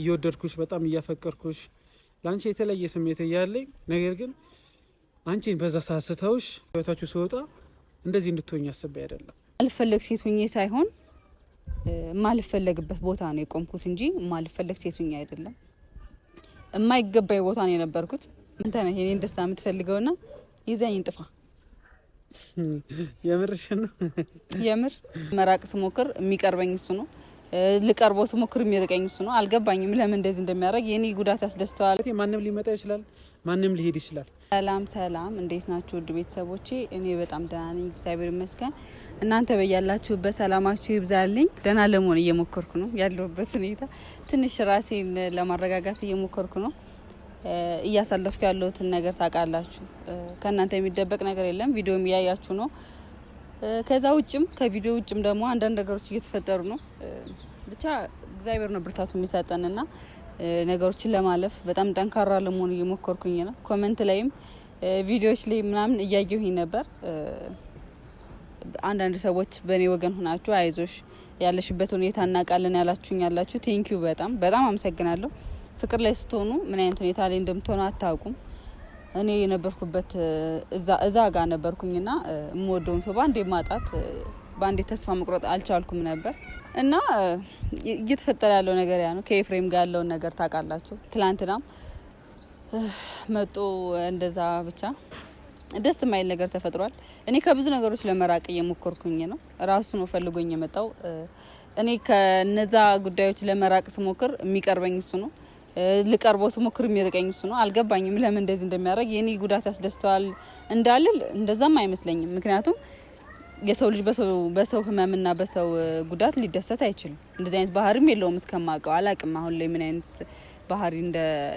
እየወደድኩሽ በጣም እያፈቀርኩሽ ለአንቺ የተለየ ስሜት እያለኝ ነገር ግን አንቺን በዛ ሳስተውሽ ህይወታችሁ ስወጣ እንደዚህ እንድትሆኝ አስቤ አይደለም። አልፈለግ ሴት ሳይሆን የማልፈለግበት ቦታ ነው የቆምኩት እንጂ ማልፈለግ ሴት ሁኜ አይደለም። የማይገባኝ ቦታ ነው የነበርኩት። አንተ ነህ የኔን ደስታ የምትፈልገውና ይዘኝ እንጥፋ። የምርሽ ነው። የምር መራቅ ስሞክር የሚቀርበኝ እሱ ነው። ልቀርቦ ስሞክር የሚርቀኝ እሱ ነው። አልገባኝም ለምን እንደዚህ እንደሚያደርግ። የኔ ጉዳት ያስደስተዋል። ማንም ሊመጣ ይችላል፣ ማንም ሊሄድ ይችላል። ሰላም ሰላም፣ እንዴት ናችሁ ውድ ቤተሰቦቼ? እኔ በጣም ደህና ነኝ፣ እግዚአብሔር ይመስገን። እናንተ በያላችሁበት ሰላማችሁ ይብዛልኝ። ደህና ለመሆን እየሞከርኩ ነው። ያለሁበት ሁኔታ ትንሽ ራሴን ለማረጋጋት እየሞከርኩ ነው። እያሳለፍኩ ያለሁትን ነገር ታውቃላችሁ። ከእናንተ የሚደበቅ ነገር የለም። ቪዲዮም እያያችሁ ነው ከዛ ውጭም ከቪዲዮ ውጭም ደግሞ አንዳንድ ነገሮች እየተፈጠሩ ነው። ብቻ እግዚአብሔር ነው ብርታቱ የሚሰጠንና ነገሮችን ለማለፍ በጣም ጠንካራ ለመሆን እየሞከርኩኝ ነው። ኮመንት ላይም ቪዲዮዎች ላይ ምናምን እያየሁኝ ነበር። አንዳንድ ሰዎች በእኔ ወገን ሆናችሁ አይዞሽ ያለሽበት ሁኔታ እናውቃለን ያላችሁኝ ያላችሁ ቴንኪዩ በጣም በጣም አመሰግናለሁ። ፍቅር ላይ ስትሆኑ ምን አይነት ሁኔታ ላይ እንደምትሆኑ አታውቁም። እኔ የነበርኩበት እዛ ጋር ነበርኩኝና የምወደውን ሰው በአንዴ ማጣት በአንዴ ተስፋ መቁረጥ አልቻልኩም ነበር እና እየተፈጠረ ያለው ነገር ያ ነው። ከኤፍሬም ጋር ያለውን ነገር ታውቃላችሁ። ትላንትናም መጦ እንደዛ ብቻ ደስ የማይል ነገር ተፈጥሯል። እኔ ከብዙ ነገሮች ለመራቅ እየሞከርኩኝ ነው። ራሱ ነው ፈልጎኝ የመጣው። እኔ ከነዛ ጉዳዮች ለመራቅ ስሞክር የሚቀርበኝ እሱ ነው። ልቀርቦ ሞክር የሚርቀኝ እሱ ነው። አልገባኝም ለምን እንደዚህ እንደሚያደርግ። የኔ ጉዳት ያስደስተዋል እንዳልል እንደዛም አይመስለኝም። ምክንያቱም የሰው ልጅ በሰው ህመምና በሰው ጉዳት ሊደሰት አይችልም። እንደዚህ አይነት ባህሪም የለውም እስከማውቀው። አላቅም አሁን ላይ ምን አይነት ባህሪ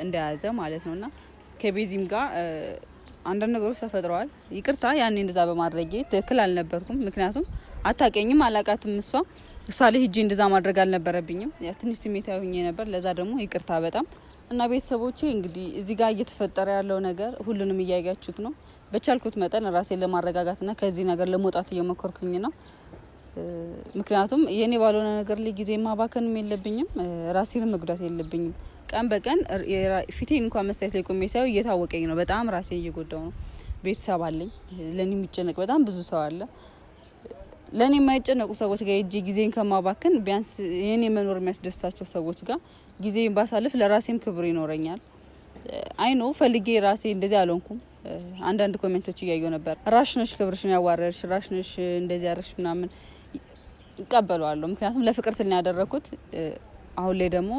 እንደያዘ ማለት ነው። እና ከቤዚም ጋር አንዳንድ ነገሮች ተፈጥረዋል። ይቅርታ ያኔ እንደዛ በማድረጌ ትክክል አልነበርኩም። ምክንያቱም አታቀኝም፣ አላቃትም እሷ እሷ ላይ ሂጂ እንደዛ ማድረግ አልነበረብኝም። ያ ትንሽ ስሜታዊ ሆኜ ነበር። ለዛ ደግሞ ይቅርታ በጣም እና ቤተሰቦቼ እንግዲህ እዚህ ጋር እየተፈጠረ ያለው ነገር ሁሉንም እያያችሁት ነው። በቻልኩት መጠን ራሴን ለማረጋጋትና ከዚህ ነገር ለመውጣት እየሞከርኩኝ ነው። ምክንያቱም የኔ ባልሆነ ነገር ላይ ጊዜ ማባከንም የለብኝም፣ ራሴንም መጉዳት የለብኝም። ቀን በቀን ፊቴን እንኳን መስታየት ላይ ቆሜ ሳየው እየታወቀኝ ነው። በጣም ራሴን እየጎዳው ነው። ቤተሰብ አለኝ፣ ለእኔ የሚጨነቅ በጣም ብዙ ሰው አለ። ለእኔ የማይጨነቁ ሰዎች ጋር እጅ ጊዜን ከማባክን ቢያንስ የኔ መኖር የሚያስደስታቸው ሰዎች ጋር ጊዜ ባሳልፍ ለራሴም ክብር ይኖረኛል። አይኖ ፈልጌ ራሴ እንደዚህ አልሆንኩም። አንዳንድ ኮሜንቶች እያየው ነበር። ራሽነሽ ክብርሽን ያዋረርሽ ራሽነሽ እንደዚህ ያረሽ ምናምን ይቀበለዋለሁ። ምክንያቱም ለፍቅር ስል ያደረግኩት። አሁን ላይ ደግሞ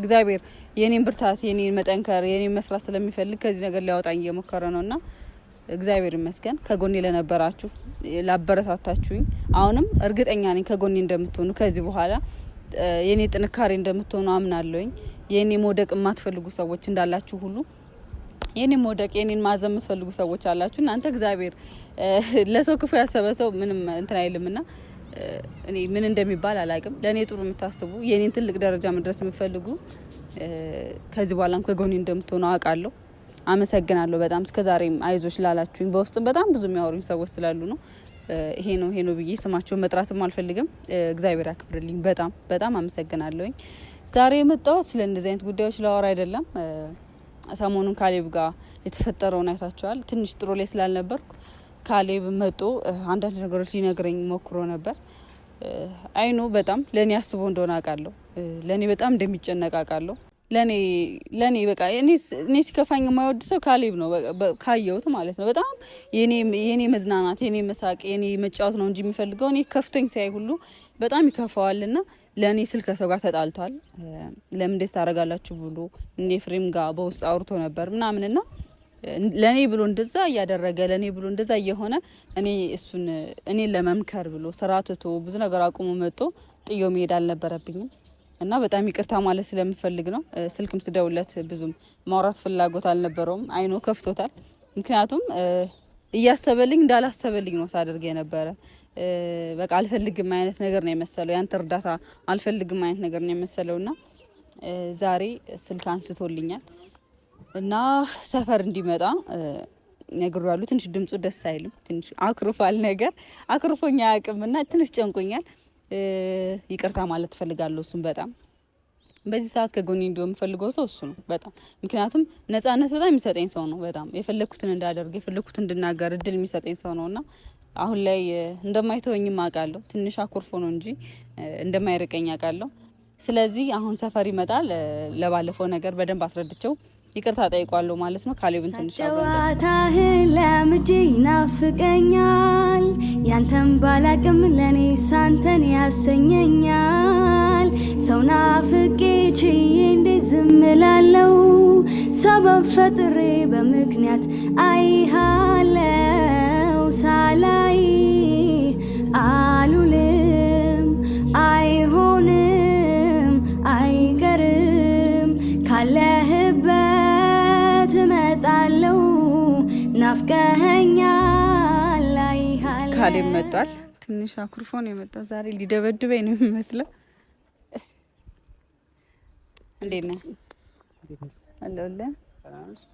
እግዚአብሔር የኔን ብርታት፣ የኔን መጠንከር፣ የኔን መስራት ስለሚፈልግ ከዚህ ነገር ሊያወጣኝ እየሞከረ ነው እና እግዚአብሔር ይመስገን ከጎኔ ለነበራችሁ ላበረታታችሁኝ፣ አሁንም እርግጠኛ ነኝ ከጎኔ እንደምትሆኑ ከዚህ በኋላ የኔ ጥንካሬ እንደምትሆኑ አምናለሁኝ። የእኔ መውደቅ የማትፈልጉ ሰዎች እንዳላችሁ ሁሉ የኔ መውደቅ የኔን ማዘን የምትፈልጉ ሰዎች አላችሁ። እናንተ እግዚአብሔር ለሰው ክፉ ያሰበ ሰው ምንም እንትን አይልም ና እኔ ምን እንደሚባል አላቅም። ለእኔ ጥሩ የምታስቡ የኔን ትልቅ ደረጃ መድረስ የምትፈልጉ ከዚህ በኋላም ከጎኔ እንደምትሆኑ አውቃለሁ። አመሰግናለሁ በጣም እስከዛሬም አይዞች ላላችሁኝ በውስጥም በጣም ብዙ የሚያወሩኝ ሰዎች ስላሉ ነው ይሄ ነው ይሄ ነው ብዬ ስማቸውን መጥራትም አልፈልግም። እግዚአብሔር ያክብርልኝ። በጣም በጣም አመሰግናለሁኝ። ዛሬ የመጣሁት ስለ እንደዚህ አይነት ጉዳዮች ላወራ አይደለም። ሰሞኑን ካሌብ ጋር የተፈጠረውን አይታችኋል። ትንሽ ጥሩ ላይ ስላልነበርኩ ካሌብ መጦ አንዳንድ ነገሮች ሊነግረኝ ሞክሮ ነበር። አይኑ በጣም ለእኔ አስቦ እንደሆነ አውቃለሁ። ለእኔ በጣም እንደሚጨነቅ አውቃለሁ። ለኔ ለኔ በቃ እኔ ሲከፋኝ የማይወድ ሰው ካሌብ ነው ካየሁት ማለት ነው። በጣም የኔ መዝናናት፣ የኔ መሳቅ፣ የኔ መጫወት ነው እንጂ የሚፈልገው እኔ ከፍቶኝ ሲያይ ሁሉ በጣም ይከፋዋል። ና ለእኔ ስል ከሰው ጋር ተጣልቷል ለምን ደስ ታደርጋላችሁ ብሎ እኔ ፍሬም ጋር በውስጥ አውርቶ ነበር ምናምን ና ለእኔ ብሎ እንደዛ እያደረገ ለእኔ ብሎ እንደዛ እየሆነ እኔ እሱን እኔን ለመምከር ብሎ ስራ ትቶ ብዙ ነገር አቁሞ መጥቶ ጥዮ መሄድ አልነበረብኝም። እና በጣም ይቅርታ ማለት ስለምፈልግ ነው። ስልክም ስደውለት ብዙም ማውራት ፍላጎት አልነበረውም። አይኖ ከፍቶታል። ምክንያቱም እያሰበልኝ እንዳላሰበልኝ ነው ሳደርግ የነበረ። በቃ አልፈልግም አይነት ነገር ነው የመሰለው። ያንተ እርዳታ አልፈልግም አይነት ነገር ነው የመሰለው እና ዛሬ ስልክ አንስቶልኛል እና ሰፈር እንዲመጣ ነግሩ ያሉ ትንሽ ድምፁ ደስ አይልም። ትንሽ አክርፋል ነገር አክርፎኛ አያውቅም እና ትንሽ ጨንቆኛል። ይቅርታ ማለት ትፈልጋለሁ። እሱም በጣም በዚህ ሰዓት ከጎኔ እንዲሆን የምፈልገው ሰው እሱ ነው። በጣም ምክንያቱም ነጻነት በጣም የሚሰጠኝ ሰው ነው። በጣም የፈለግኩትን እንዳደርግ የፈለግኩትን እንድናገር እድል የሚሰጠኝ ሰው ነው እና አሁን ላይ እንደማይተወኝም አውቃለሁ። ትንሽ አኩርፎ ነው እንጂ እንደማይርቀኝ አውቃለሁ። ስለዚህ አሁን ሰፈር ይመጣል። ለባለፈው ነገር በደንብ አስረድቸው ይቅርታ ጠይቋለሁ ማለት ነው። ካሌብን ትንሽ ጨዋታህን ለምጄ ይናፍቀኛል። ያንተን ባላቅም ለእኔ ሳንተን ያሰኘኛል። ሰው ናፍቄ ችዬ እንዴት ዝም እላለሁ? ሰበብ ፈጥሬ በምክንያት አይሃለው። ሳላይ አሉልም፣ አይሆንም፣ አይቀርም ካለ ናፍቀኸኛል ላይሃል ካሌብ መጧል። ትንሽ አኩርፎ ነው የመጣው ዛሬ ሊደበድበኝ ነው የሚመስለው። እንዴት ነህ? አለሁልህ።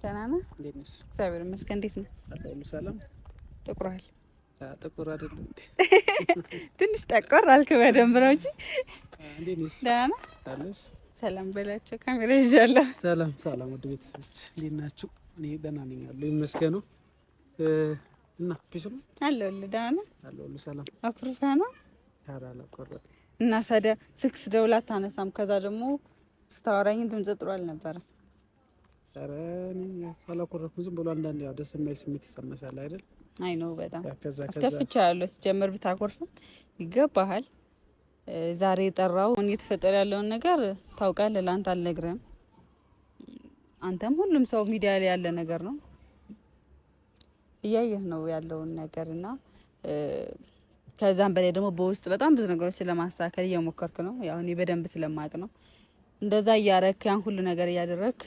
ደህና ነህ? እግዚአብሔር ይመስገን። እንዴት ነህ? ጥቁሯል ጥቁር አይደለም ትንሽ ጠቆር አልክ። በደንብ ነው እንጂ ደህና ነህ? ሰላም በላቸው። ካሜራ ይዣለሁ። ሰላም ሰላም፣ ውድ ቤተሰቦች እንዴት ናችሁ? እኔ ደህና ነኝ አለሁ ይመስገኑ። እና ፒስ ነው አለሁልህ፣ ደህና ነህ አለሁልህ። ሰላም አኩርፈህ ነው? ኧረ አላኮረፍኩም። እና ታዲያ ስልክስ ደውላ አታነሳም? ከዛ ደግሞ ስታወራኝ ድምፅ ጥሩ አልነበረም። ኧረ እኔ አላኮረፍኩም። ዝም ብሎ አንዳንድ ያው ደስ የሚል ስሜት ይሰማሻል አይደል? አይ ነው በጣም አስከፍቼሃለሁ። ሲጀምር ብታኮርፍም ይገባሃል። ዛሬ የጠራው እየተፈጠረ ያለውን ነገር ታውቃለህ። ለአንተ አልነግረህም አንተም ሁሉም ሰው ሚዲያ ላይ ያለ ነገር ነው። እያየህ ነው ያለውን ነገር እና ከዛም በላይ ደግሞ በውስጥ በጣም ብዙ ነገሮች ለማስተካከል እየሞከርክ ነው። ያው እኔ በደንብ ስለማቅ ነው እንደዛ እያረክ ያን ሁሉ ነገር እያደረክ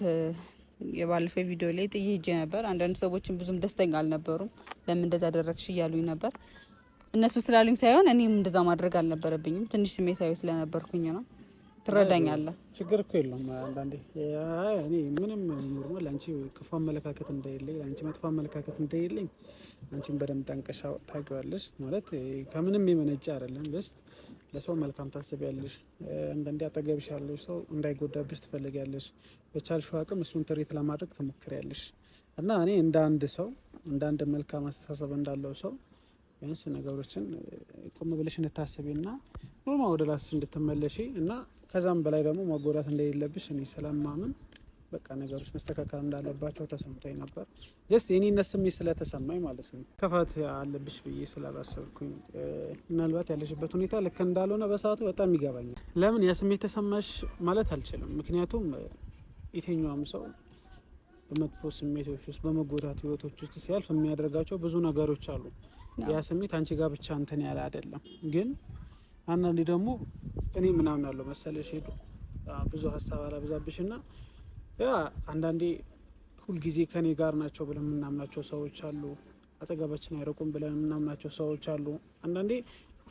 የባለፈው ቪዲዮ ላይ ጥዬ ሄጄ ነበር። አንዳንድ ሰዎችን ብዙም ደስተኛ አልነበሩም። ለምን እንደዛ አደረግሽ እያሉኝ ነበር። እነሱ ስላሉኝ ሳይሆን እኔም እንደዛ ማድረግ አልነበረብኝም። ትንሽ ስሜታዊ ስለነበርኩኝ ነው። ትረዳኛለህ። ችግር እኮ የለውም። አንዳንዴ ምንም ኖርማል፣ አንቺ ክፉ አመለካከት እንደሌለኝ፣ አንቺ መጥፎ አመለካከት እንደሌለኝ አንቺን በደንብ ጠንቀሻ ታውቂዋለሽ። ማለት ከምንም የመነጨ አይደለም። ስት ለሰው መልካም ታስቢያለሽ። አንዳንዴ አጠገብሽ ያለሽ ሰው እንዳይጎዳብሽ ትፈልጊያለሽ። በቻልሽው አቅም እሱን ትሪት ለማድረግ ትሞክሪያለሽ። እና እኔ እንደ አንድ ሰው እንደ አንድ መልካም አስተሳሰብ እንዳለው ሰው ቢያንስ ነገሮችን ቆም ብለሽ እንድታስቢ እና ኖርማ ወደ ላስ እንድትመለሽ እና ከዛም በላይ ደግሞ መጎዳት እንደሌለብሽ እኔ ስለማምን በቃ ነገሮች መስተካከል እንዳለባቸው ተሰምቶኝ ነበር። ጀስት የኔነት ስሜት ስለተሰማኝ ማለት ነው። ክፋት አለብሽ ብዬ ስላላሰብኩኝ ምናልባት ያለሽበት ሁኔታ ልክ እንዳልሆነ በሰዓቱ በጣም ይገባኛል። ለምን ያ ስሜት ተሰማሽ ማለት አልችልም። ምክንያቱም የትኛውም ሰው በመጥፎ ስሜቶች ውስጥ በመጎዳት ህይወቶች ውስጥ ሲያልፍ የሚያደርጋቸው ብዙ ነገሮች አሉ። ያ ስሜት አንቺ ጋር ብቻ እንትን ያለ አይደለም ግን አንዳንዴ ደግሞ እኔ ምናምን አለው መሰለሽ ሄዱ ብዙ ሀሳብ አላብዛብሽ ና ያ አንዳንዴ ሁልጊዜ ከኔ ጋር ናቸው ብለን የምናምናቸው ሰዎች አሉ። አጠገባችን አይረቁም ብለን የምናምናቸው ሰዎች አሉ። አንዳንዴ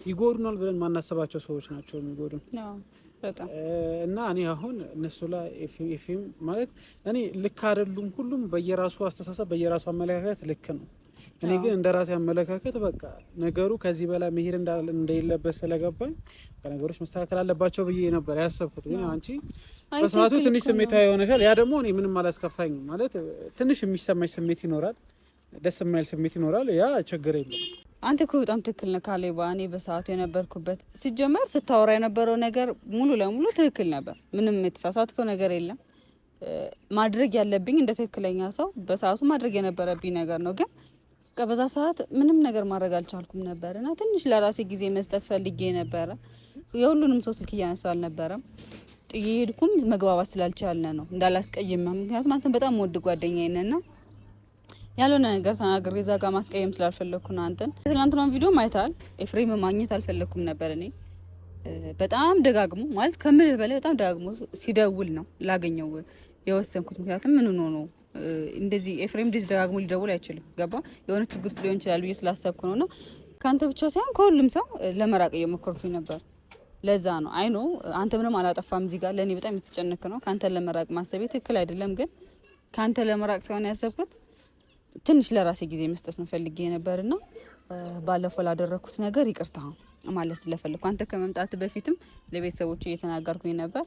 ይጎዱናል ብለን ማናሰባቸው ሰዎች ናቸው የሚጎዱ እና እኔ አሁን እነሱ ላይ ኤፍኤም ማለት እኔ ልክ አይደሉም። ሁሉም በየራሱ አስተሳሰብ በየራሱ አመለካከት ልክ ነው። እኔ ግን እንደ ራሴ አመለካከት በቃ ነገሩ ከዚህ በላይ መሄድ እንደሌለበት ስለገባኝ ነገሮች መስተካከል አለባቸው ብዬ ነበር ያሰብኩት። ግን አንቺ በሰዓቱ ትንሽ ስሜታዊ ሆነሻል። ያ ደግሞ እኔ ምንም አላስከፋኝ ማለት ትንሽ የሚሰማኝ ስሜት ይኖራል፣ ደስ የማይል ስሜት ይኖራል። ያ ችግር የለም። አንተ እኮ በጣም ትክክል ነህ ካሌባ። እኔ በሰዓቱ የነበርኩበት ሲጀመር ስታወራ የነበረው ነገር ሙሉ ለሙሉ ትክክል ነበር። ምንም የተሳሳትከው ነገር የለም። ማድረግ ያለብኝ እንደ ትክክለኛ ሰው በሰዓቱ ማድረግ የነበረብኝ ነገር ነው ግን በዛ ሰዓት ምንም ነገር ማድረግ አልቻልኩም ነበር እና ትንሽ ለራሴ ጊዜ መስጠት ፈልጌ ነበረ። የሁሉንም ሰው ስልክ እያነሳ አልነበረም። ጥዬ ሄድኩም መግባባት ስላልቻለ ነው እንዳላስቀይም። ምክንያቱም አንተን በጣም ወድ ጓደኛ ነህና ያልሆነ ነገር ተናግሬ እዛ ጋር ማስቀየም ስላልፈለግኩ አንተን። ትናንትናን ቪዲዮ ማይታል ኤፍሬም ማግኘት አልፈለግኩም ነበር እኔ በጣም ደጋግሞ ማለት ከምልህ በላይ በጣም ደጋግሞ ሲደውል ነው ላገኘው የወሰንኩት። ምክንያቱም ምን ሆኖ ነው እንደዚህ ኤፍሬም ዲዝ ደጋግሞ ሊደውል አይችልም። ገባ የሆነ ችግር ውስጥ ሊሆን ይችላል ብዬ ስላሰብኩ ነው። እና ከአንተ ብቻ ሳይሆን ከሁሉም ሰው ለመራቅ እየሞከርኩኝ ነበር። ለዛ ነው አይኖ አንተ ምንም አላጠፋም። እዚህ ጋር ለእኔ በጣም የተጨነክ ነው። ከአንተ ለመራቅ ማሰቤ ትክክል አይደለም። ግን ከአንተ ለመራቅ ሳይሆን ያሰብኩት ትንሽ ለራሴ ጊዜ መስጠት ነው ፈልጌ ነበርና ባለፈው ላደረግኩት ነገር ይቅርታ ማለት ስለፈለግኩ አንተ ከመምጣት በፊትም ለቤተሰቦች እየተናገርኩኝ ነበር።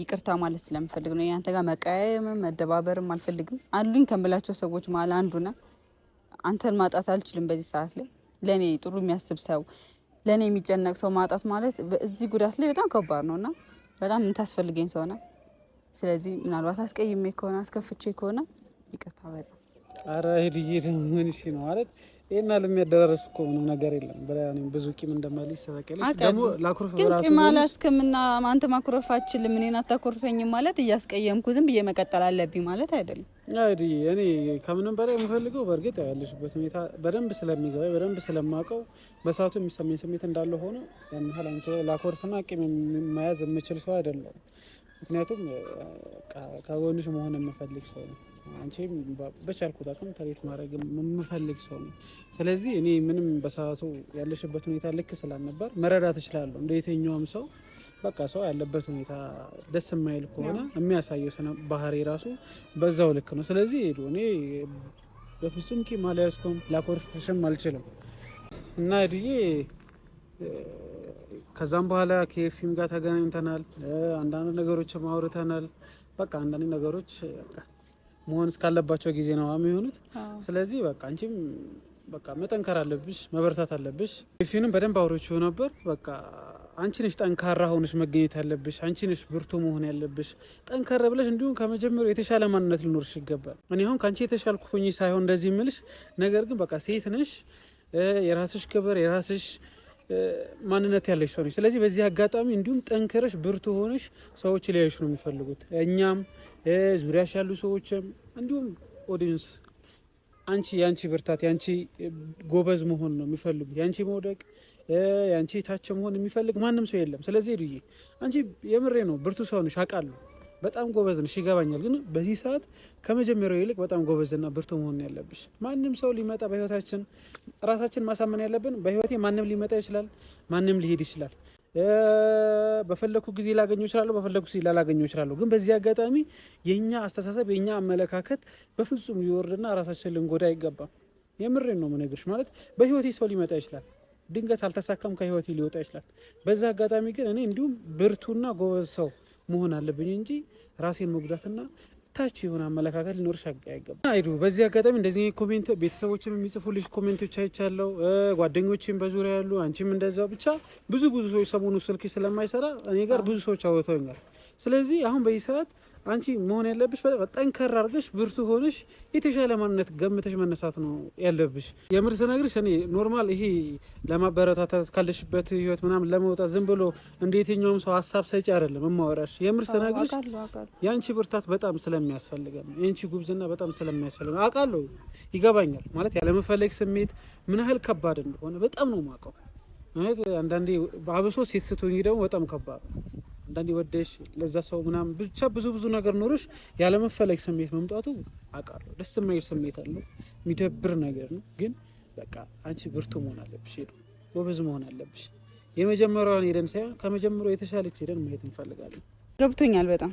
ይቅርታ ማለት ስለምፈልግ ነው። አንተ ጋር መቀያየምም መደባበርም አልፈልግም። አሉኝ ከምላቸው ሰዎች መሀል አንዱና አንተን ማጣት አልችልም። በዚህ ሰዓት ላይ ለእኔ ጥሩ የሚያስብ ሰው፣ ለእኔ የሚጨነቅ ሰው ማጣት ማለት በዚህ ጉዳት ላይ በጣም ከባድ ነው እና በጣም የምታስፈልገኝ ሰው ነው። ስለዚህ ምናልባት አስቀይሜ ከሆነ አስከፍቼ ከሆነ ይቅርታ በጣም ኧረ ሄድዬ ምን ነው ማለት ይሄን አለ እኮ ምንም ነገር የለም። ብዙ ቂም እንደማልይዝ ደግሞ ላኩርፍ በራሱ ቂም አላስክምና አንተ ማኩረፍ አችልም እኔን አታኮርፈኝም ማለት እያስቀየምኩ ዝም ብዬ መቀጠል አለብኝ ማለት አይደለም። እንግዲህ እኔ ከምንም በላይ የምፈልገው በእርግጥ ያለሽበት ሁኔታ በደንብ ስለሚገባ በደንብ ስለማውቀው በሰዓቱ የሚሰማኝ ስሜት እንዳለ ሆኖ ያን ያህል አንቺ ላኮርፍና ቂም መያዝ የምችል ሰው አይደለም። ምክንያቱም ከጎንሽ መሆን የምፈልግ ሰው ነው። አንቺም በቻልኩት አቅም ተሬት ማድረግ የምፈልግ ሰው ነው። ስለዚህ እኔ ምንም በሰዓቱ ያለሽበት ሁኔታ ልክ ስላልነበር መረዳት እችላለሁ። እንደ የትኛውም ሰው በቃ ሰው ያለበት ሁኔታ ደስ የማይል ከሆነ የሚያሳየው ስነ ባህሪ ራሱ በዛው ልክ ነው። ስለዚህ ሄዱ እኔ በፍጹም ቂ ማለያስኩም ላኮርፍሽም አልችልም እና ዱዬ ከዛም በኋላ ከኤፍም ጋር ተገናኝተናል። አንዳንድ ነገሮች አውርተናል። በቃ አንዳንድ ነገሮች በቃ መሆን እስካለባቸው ጊዜ ነው የሚሆኑት። ስለዚህ በቃ አንቺም በቃ መጠንከር አለብሽ፣ መበረታት አለብሽ። ፊንም በደንብ አውሮችው ነበር። በቃ አንቺ ነሽ ጠንካራ ሆነሽ መገኘት ያለብሽ፣ አንቺ ነሽ ብርቱ መሆን ያለብሽ፣ ጠንከር ብለሽ እንዲሁም ከመጀመሪያው የተሻለ ማንነት ሊኖርሽ ይገባል። እኔ አሁን ከአንቺ የተሻልኩ ሆኜ ሳይሆን እንደዚህ የምልሽ ነገር ግን በቃ ሴት ነሽ፣ የራስሽ ክብር፣ የራስሽ ማንነት ያለሽ ሰው ነሽ። ስለዚህ በዚህ አጋጣሚ እንዲሁም ጠንክረሽ ብርቱ ሆነሽ ሰዎች ሊያዩሽ ነው የሚፈልጉት እኛም ዙሪያሽ ያሉ ሰዎችም እንዲሁም ኦዲየንስ አንቺ የአንቺ ብርታት የአንቺ ጎበዝ መሆን ነው የሚፈልጉ የአንቺ መውደቅ የአንቺ ታች መሆን የሚፈልግ ማንም ሰው የለም። ስለዚህ ሄዱዬ አንቺ የምሬ ነው ብርቱ ሰው ነሽ አውቃለሁ። በጣም ጎበዝ ነሽ ይገባኛል። ግን በዚህ ሰዓት ከመጀመሪያው ይልቅ በጣም ጎበዝና ብርቱ መሆን ያለብሽ። ማንም ሰው ሊመጣ በህይወታችን ራሳችን ማሳመን ያለብን በህይወቴ ማንም ሊመጣ ይችላል፣ ማንም ሊሄድ ይችላል። በፈለግኩ ጊዜ ላገኘው እችላለሁ፣ በፈለግኩ ጊዜ ላላገኘው እችላለሁ። ግን በዚህ አጋጣሚ የእኛ አስተሳሰብ የእኛ አመለካከት በፍጹም ሊወርድና ራሳችን ልንጎዳ አይገባም። የምሬን ነው የምነግርሽ። ማለት በህይወቴ ሰው ሊመጣ ይችላል፣ ድንገት አልተሳካም፣ ከህይወቴ ሊወጣ ይችላል። በዚህ አጋጣሚ ግን እኔ እንዲሁም ብርቱና ጎበዝ ሰው መሆን አለብኝ እንጂ ራሴን መጉዳትና ታች የሆነ አመለካከት ሊኖርሽ አይገባም። አይዱ በዚህ አጋጣሚ እንደዚህ ኮሜንት ቤተሰቦችም የሚጽፉልሽ ኮሜንቶች አይቻለው፣ ጓደኞችም በዙሪያ ያሉ አንቺም እንደዛው። ብቻ ብዙ ብዙ ሰዎች ሰሞኑ ስልክ ስለማይሰራ እኔ ጋር ብዙ ሰዎች አውርተውኛል። ስለዚህ አሁን በዚህ ሰዓት አንቺ መሆን ያለብሽ ጠንከር አድርገሽ ብርቱ ሆነሽ የተሻለ ማንነት ገምተሽ መነሳት ነው ያለብሽ። የምር ስነግርሽ እኔ ኖርማል ይሄ ለማበረታታት ካለሽበት ህይወት ምናምን ለመውጣት ዝም ብሎ እንደ የትኛውም ሰው ሀሳብ ሰጪ አይደለም እማወራሽ። የምር ስነግርሽ የአንቺ ብርታት በጣም ስለሚያስፈልገን የአንቺ ጉብዝና በጣም ስለሚያስፈልገን አውቃለሁ፣ ይገባኛል። ማለት ያለመፈለግ ስሜት ምን ያህል ከባድ እንደሆነ በጣም ነው የማውቀው። ማለት አንዳንዴ አብሶ ሴት ስትሆኚ ደግሞ በጣም ከባድ ነው። አንዳንዴ ወደሽ ለዛ ሰው ምናምን ብቻ ብዙ ብዙ ነገር ኖሮሽ ያለመፈለግ ስሜት መምጣቱ አውቃለሁ። ደስ የማይል ስሜት አለው፣ የሚደብር ነገር ነው። ግን በቃ አንቺ ብርቱ መሆን አለብሽ፣ ሄዱ ጎበዝ መሆን አለብሽ። የመጀመሪያውን ሄደን ሳይሆን ከመጀመሪ የተሻለች ሄደን ማየት እንፈልጋለን። ገብቶኛል በጣም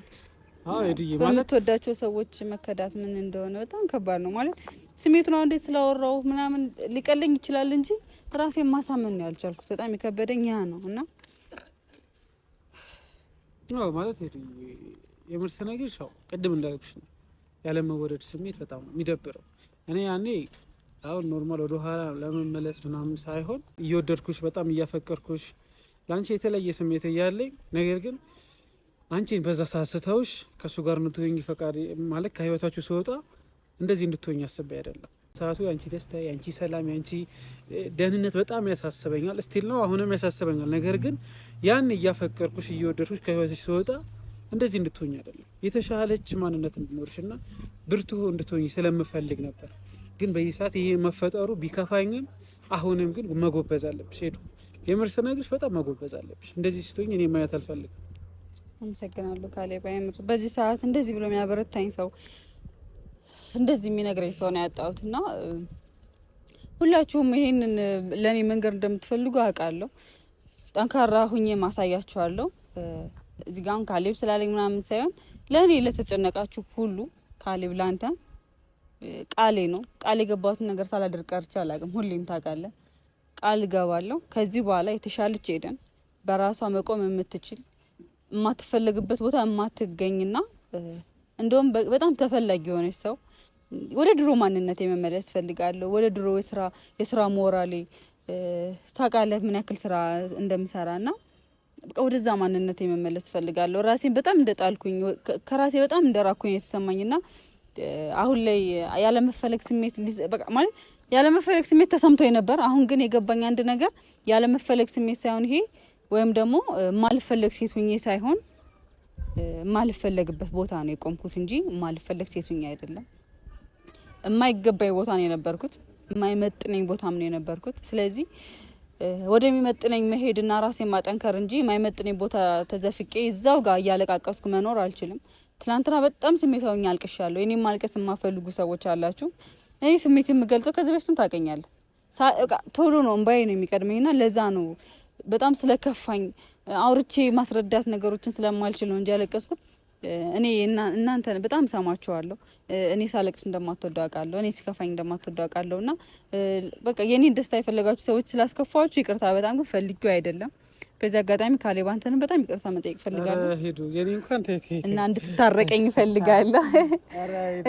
በምትወዳቸው ሰዎች መከዳት ምን እንደሆነ በጣም ከባድ ነው። ማለት ስሜቱን አሁን እንዴት ስላወራው ምናምን ሊቀለኝ ይችላል እንጂ ራሴን ማሳመን ነው ያልቻልኩት። በጣም የከበደኝ ያ ነው እና ነው ማለት የምርስ ነገር ሻው ቅድም እንዳልኩሽ ነው ያለ መወደድ ስሜት በጣም የሚደብረው። እኔ ያኔ አሁን ኖርማል ወደ ለመመለስ ምናምን ሳይሆን እየወደድኩሽ በጣም እያፈቀርኩሽ ለአንቺ የተለየ ስሜት እያለኝ ነገር ግን አንቺን በዛ ሳስተውሽ ከእሱ ጋር እንድትሆኝ ፈቃድ ማለት ከህይወታችሁ ስወጣ እንደዚህ እንድትሆኝ አስቤ አይደለም። ሰዓቱ የአንቺ ደስታ፣ የአንቺ ሰላም፣ የአንቺ ደህንነት በጣም ያሳስበኛል። ስቲል ነው አሁንም ያሳስበኛል። ነገር ግን ያን እያፈቀርኩሽ እየወደድኩሽ ከህይወትሽ ስወጣ እንደዚህ እንድትሆኝ አይደለም የተሻለች ማንነት እንድኖርሽ እና ብርቱ እንድትሆኝ ስለምፈልግ ነበር። ግን በዚህ ሰዓት ይሄ መፈጠሩ ቢከፋኝም አሁንም ግን መጎበዝ አለብሽ ሄዱ የምር ስነግርሽ በጣም መጎበዝ አለብሽ። እንደዚህ ስትሆኝ እኔ ማየት አልፈልግም። አመሰግናለሁ ካሌብ። በዚህ ሰዓት እንደዚህ ብሎ የሚያበረታኝ ሰው እንደዚህ የሚነግረኝ ሰው ነው ያጣሁት እና ሁላችሁም ይሄንን ለእኔ መንገድ እንደምትፈልጉ አውቃለሁ። ጠንካራ ሁኜ ማሳያችኋለሁ። እዚህ ጋር ካሌብ ስላለኝ ምናምን ሳይሆን ለእኔ ለተጨነቃችሁ ሁሉ ካሌብ ላንተ ቃሌ ነው። ቃል የገባሁትን ነገር ሳላደርግ ቀርቼ አላውቅም። ሁሌም ታውቃለህ፣ ቃል እገባለሁ። ከዚህ በኋላ የተሻለች ሄደን በራሷ መቆም የምትችል የማትፈለግበት ቦታ የማትገኝና እንደውም በጣም ተፈላጊ የሆነች ሰው ወደ ድሮ ማንነት የመመለስ ፈልጋለሁ። ወደ ድሮ የስራ የስራ ሞራሌ ታውቃለህ፣ ምን ያክል ስራ እንደምሰራ ና በቃ ወደዛ ማንነት የመመለስ ፈልጋለሁ። ራሴን በጣም እንደጣልኩኝ ከራሴ በጣም እንደራኩኝ የተሰማኝ ና አሁን ላይ ያለመፈለግ ስሜት ማለት ያለመፈለግ ስሜት ተሰምቶ ነበር። አሁን ግን የገባኝ አንድ ነገር ያለመፈለግ ስሜት ሳይሆን ይሄ ወይም ደግሞ ማልፈለግ ሴት ሁኜ ሳይሆን ማልፈለግበት ቦታ ነው የቆምኩት እንጂ ማልፈለግ ሴት ሁኜ አይደለም። የማይገባኝ ቦታ ነው የነበርኩት፣ የማይመጥነኝ ቦታም ነው የነበርኩት። ስለዚህ ወደሚመጥነኝ መሄድና ራሴ ማጠንከር እንጂ የማይመጥነኝ ቦታ ተዘፍቄ እዛው ጋር እያለቃቀስኩ መኖር አልችልም። ትናንትና በጣም ስሜታውኛ አልቅሻለሁ። እኔም ማልቀስ የማፈልጉ ሰዎች አላችሁ። እኔ ስሜት የምገልጸው ከዚህ በፊትም ታውቀኛለህ። ቶሎ ነው እምባዬ ነው ና ለዛ ነው በጣም ስለከፋኝ አውርቼ ማስረዳት ነገሮችን ስለማልችል ነው እንጂ ያለቀስኩት እኔ እናንተን በጣም ሰማችኋለሁ። እኔ ሳለቅስ እንደማትወዱ አውቃለሁ። እኔ ሲከፋኝ እንደማትወዱ አውቃለሁ። እና በቃ የኔን ደስታ የፈለጋችሁ ሰዎች ስላስከፋችሁ ይቅርታ። በጣም ግን ፈልጊው አይደለም። በዚህ አጋጣሚ ካሌብ አንተንም በጣም ይቅርታ መጠየቅ እፈልጋለሁ እና እንድትታረቀኝ እፈልጋለሁ።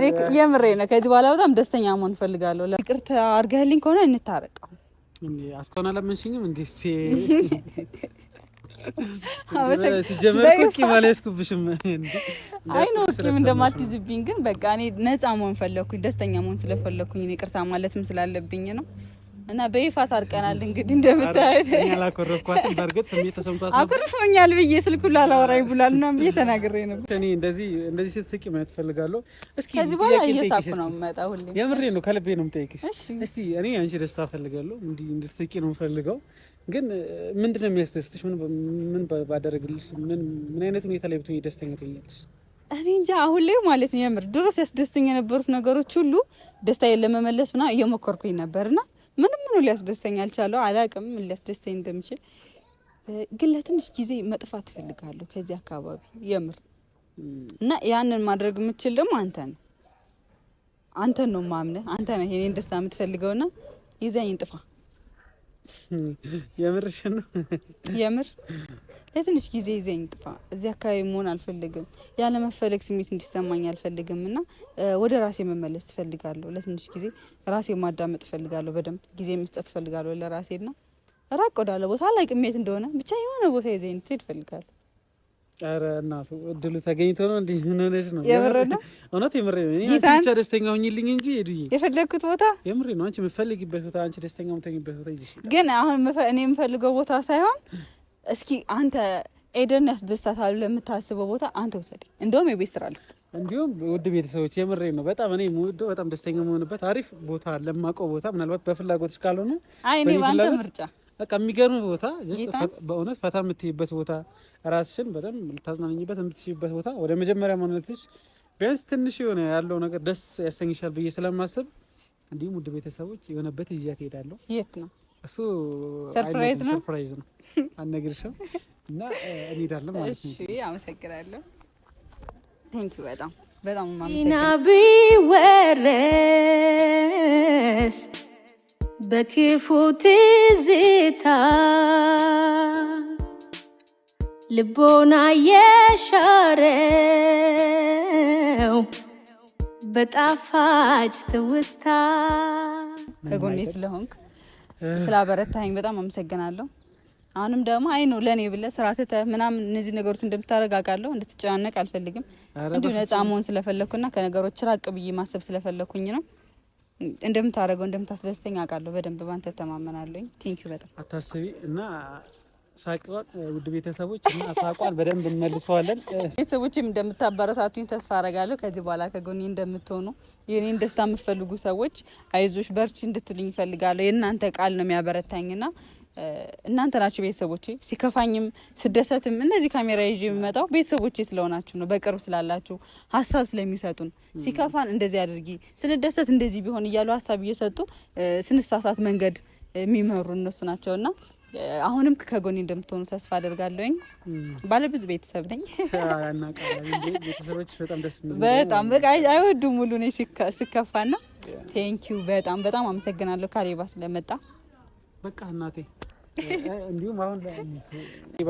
እኔ የምሬ ነው። ከዚህ በኋላ በጣም ደስተኛ መሆን ፈልጋለሁ። ይቅርታ አድርገህልኝ ከሆነ እንታረቀው። አስከሆነ ለምንሽኝም እንዴ ሲጀመር ቂም አልያዝኩብሽም። አይ ቂም እንደማትይዝብኝ ግን በቃ እኔ ነፃ መሆን ፈለግኩኝ፣ ደስተኛ መሆን ስለፈለግኩኝ ይቅርታ ማለትም ስላለብኝ ነው። እና በይፋ ታርቀናል። እንግዲህ እንደምታዩት አላኮረፍኳትም። በእርግጥ ስሜት ተሰምቷት አኮርፎኛል ብዬ ስልኩ ላላወራኝ ብሏል ምናምን ብዬ ተናግሬ ነበር። እኔ እንደዚህ እንደዚህ ስትስቂ ማየት እፈልጋለሁ። እስኪ ከዚህ በኋላ እየሳኩ ነው የምመጣው። ሁሌ የምሬ ነው፣ ከልቤ ነው የምጠይቅሽ። እስቲ እኔ አንቺ ደስታ እፈልጋለሁ፣ እንዲህ እንድትስቂ ነው የምፈልገው ግን ምንድነው የሚያስደስትሽ? ምን ባደረግልሽ? ምን አይነት ሁኔታ ላይ ብትሆኝ ደስተኛ ትሆኛለሽ? እኔ እንጃ አሁን ላይ ማለት ነው የምር ድሮ ሲያስደስተኝ የነበሩት ነገሮች ሁሉ ደስታዬን ለመመለስ ምና እየሞከርኩኝ ነበርና ምንም ምኑ ሊያስደስተኝ አልቻለሁ። አላቅም ሊያስደስተኝ እንደምችል ግን ለትንሽ ጊዜ መጥፋት እፈልጋለሁ ከዚህ አካባቢ የምር እና ያንን ማድረግ የምችል ደግሞ አንተ ነው አንተን ነው ማምነህ አንተ ነህ የኔን ደስታ የምትፈልገውና ይዘኝ ጥፋ የምርሽ ነው? የምር ለትንሽ ጊዜ ይዘኝ ጥፋ። እዚህ አካባቢ መሆን አልፈልግም። ያለመፈለግ ስሜት እንዲሰማኝ አልፈልግም እና ወደ ራሴ መመለስ እፈልጋለሁ። ለትንሽ ጊዜ ራሴ ማዳመጥ እፈልጋለሁ። በደንብ ጊዜ መስጠት እፈልጋለሁ ለራሴ ና ራቅ ወዳለ ቦታ ላይ ቅሜት እንደሆነ ብቻ የሆነ ቦታ ይዘኝ ትሄድ እፈልጋለሁ። ኧረ እናቱ እድሉ ተገኝቶ ነው። እንዲህ ምን ሆነሽ ነው? የምሬ ነው። እውነት የምሬ ነው። እኔ አንቺ ብቻ ደስተኛ ሆኝልኝ እንጂ ሄዱዬ፣ የፈለግኩት ቦታ የምሬ ነው። አንቺ የምትፈልጊበት ቦታ፣ አንቺ ደስተኛ የምትሆኝበት ቦታ ይዤሽ። ግን አሁን እኔ የምፈልገው ቦታ ሳይሆን እስኪ አንተ ኤደን ያስደስታታል ለምታስበው ቦታ አንተ ውሰድ። እንደውም የቤት ስራ ልስጥ። እንዲሁም ውድ ቤተሰቦች የምሬ ነው። በጣም እኔ ውድ በጣም ደስተኛ የምሆንበት አሪፍ ቦታ ለማውቀው ቦታ ምናልባት በፍላጎትሽ ካልሆነ አይ እኔ በአንተ ምርጫ በቃ የሚገርም ቦታ በእውነት ፈታ የምትይበት ቦታ ራስሽን በጣም ልታዝናኝበት የምትችይበት ቦታ ወደ መጀመሪያ ማንነትሽ ቢያንስ ትንሽ የሆነ ያለው ነገር ደስ ያሰኝሻል ብዬ ስለማስብ እንዲሁም ውድ ቤተሰቦች የሆነበት ይዣት እሄዳለሁ። የት ነው እሱ? ሰርፕራይዝ ነው፣ ሰርፕራይዝ ነው አልነግርሽም። እና እንሄዳለን ማለት ነው። እሺ፣ አመሰግናለሁ። ቴንክ ዩ በጣም በጣም ማመሰግናለሁ። በክፉ ትዝታ ልቦና የሻረው በጣፋጭ ትውስታ ከጎኔ ስለሆንክ ስላበረታኝ በጣም አመሰግናለሁ። አሁንም ደግሞ አይ ነው ለእኔ ብለህ ስራ ትተህ ምናምን እነዚህ ነገሮች እንደምታረጋቃለሁ እንድትጨናነቅ አልፈልግም። እንዲሁ ነፃ መሆን ስለፈለግኩና ከነገሮች ራቅ ብዬ ማሰብ ስለፈለግኩኝ ነው። እንደምታደርገው እንደምታስደስተኝ አውቃለሁ። በደንብ ባንተ ተማመናለኝ። ቴንኪዩ በጣም አታስቢ እና ሳቅዋን ውድ ቤተሰቦች እና ሳቋን በደንብ እንመልሰዋለን። ቤተሰቦችም እንደምታበረታቱኝ ተስፋ አረጋለሁ። ከዚህ በኋላ ከጎኔ እንደምትሆኑ የኔን ደስታ የምፈልጉ ሰዎች አይዞች፣ በርቺ እንድትሉኝ ይፈልጋለሁ። የእናንተ ቃል ነው የሚያበረታኝና እናንተ ናችሁ ቤተሰቦቼ። ሲከፋኝም ስደሰትም እነዚህ ካሜራ ይዤ የሚመጣው ቤተሰቦቼ ስለሆናችሁ ነው፣ በቅርብ ስላላችሁ ሀሳብ ስለሚሰጡን። ሲከፋን እንደዚህ አድርጊ፣ ስንደሰት እንደዚህ ቢሆን እያሉ ሀሳብ እየሰጡ ስንሳሳት መንገድ የሚመሩ እነሱ ናቸውና አሁንም ከጎኔ እንደምትሆኑ ተስፋ አደርጋለሁኝ። ባለብዙ ቤተሰብ ነኝ። ቤተሰቦች በጣም ደስ በጣም በቃ አይወዱም ሙሉ ነኝ ሲከፋ ና ቴንኪዩ። በጣም በጣም አመሰግናለሁ ካሌባ ስለመጣ በቃ እናቴ እንዲሁም አሁን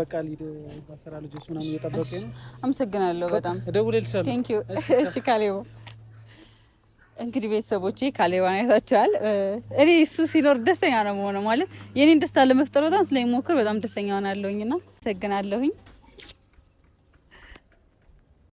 በቃ ሊድ በስራ ልጆች ምናምን እየጠበቁ ነው። አመሰግናለሁ በጣም እደውልልሻለሁ። ቴንክ ዩ። እሺ ካሌቦ እንግዲህ ቤተሰቦቼ ካሌባን አይታችኋል። እኔ እሱ ሲኖር ደስተኛ ነው መሆነ ማለት የኔን ደስታ ለመፍጠር በጣም ስለሚሞክር በጣም ደስተኛ ሆናለሁኝ እና አመሰግናለሁኝ።